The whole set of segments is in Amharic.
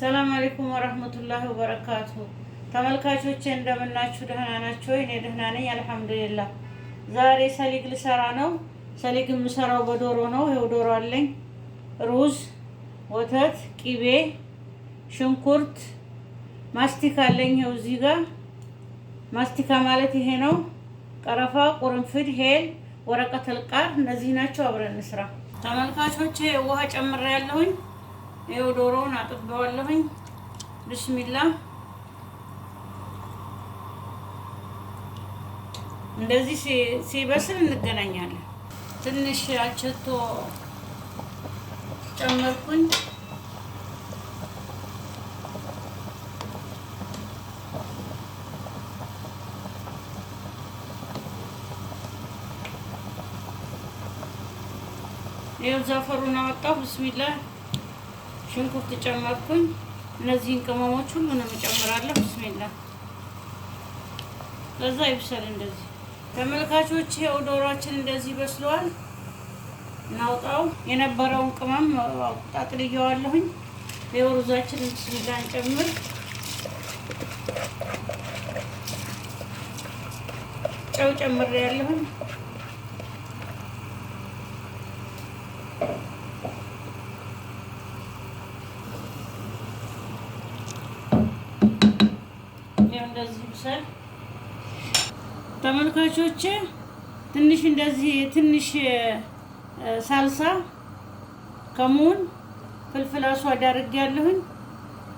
ሰላም አለይኩም ወረህመቱላሂ ወበረካቱ። ተመልካቾቼ እንደምናችሁ ደህና ናቸው? እኔ ደህና ነኝ አልሐምዱሊላህ። ዛሬ ሰሊግ ልሰራ ነው። ሰሊግ የምሰራው በዶሮ ነው። ይኸው ዶሮ አለኝ፣ ሩዝ፣ ወተት፣ ቂቤ፣ ሽንኩርት፣ ማስቲካ አለኝ። ይኸው እዚህ ጋር ማስቲካ ማለት ይሄ ነው። ቀረፋ፣ ቁርንፍድ፣ ሄል፣ ወረቀት ልቃር፣ እነዚህ ናቸው። አብረን እንስራ ተመልካቾቼ። ውሃ ጨምሬ ያለሁኝ ይኸው ዶሮውን አጥበዋለሁኝ። ብስሚላ እንደዚህ ሲበስል እንገናኛለን። ትንሽ አቸቶ ጨመርኩኝ። ይኸው ዘፈሩን አወጣሁ። ብስሚላ ሽንኩርት ጨመርኩኝ። እነዚህን ቅመሞች ሁሉንም እጨምራለሁ። ብስሚላ በዛ ይብሰል እንደዚህ። ተመልካቾች ይሄው ዶሯችን እንደዚህ በስለዋል። እናውጣው። የነበረውን ቅመም አውጣጥልየዋለሁኝ። ይኸው ሩዛችንን ብስሚላ እንጨምር። ጨው ጨምሬያለሁኝ። ይለብሳል። ተመልካቾች ትንሽ እንደዚህ ትንሽ ሳልሳ ከሙን ፍልፍል አስዋድ አድርጌ ያለሁኝ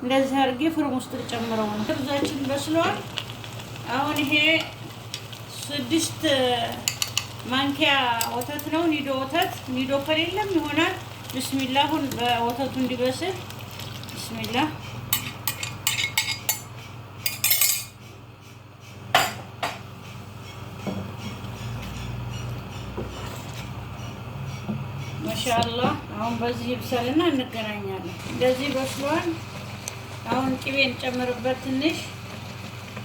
እንደዚህ አድርጌ ፍርም ውስጥ ጨምረው ነው። ክብዛችን በስሏል። አሁን ይሄ ስድስት ማንኪያ ወተት ነው፣ ኒዶ ወተት። ኒዶ ከሌለም ይሆናል። ብስሚላ አሁን በወተቱ እንዲበስል ብስሚላ ማሻአላ አሁን በዚህ ይብሰልና እንገናኛለን። እንደዚህ በስሏል። አሁን ቅቤ እንጨምርበት ትንሽ።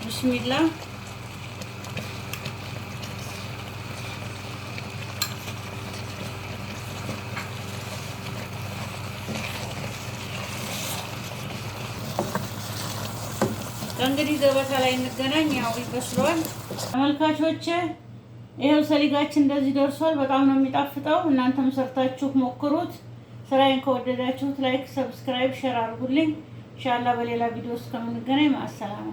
ብስሚላ ከእንግዲህ ገበታ ላይ እንገናኝ። ያው ይበስሏል ተመልካቾቼ። ይኸው ሰሊጋችን እንደዚህ ደርሷል። በጣም ነው የሚጣፍጠው። እናንተም ሰርታችሁ ሞክሩት። ስራዬን ከወደዳችሁት ላይክ፣ ሰብስክራይብ፣ ሼር አድርጉልኝ። ኢንሻአላህ በሌላ ቪዲዮ እስከምንገናኝ ማሰላማ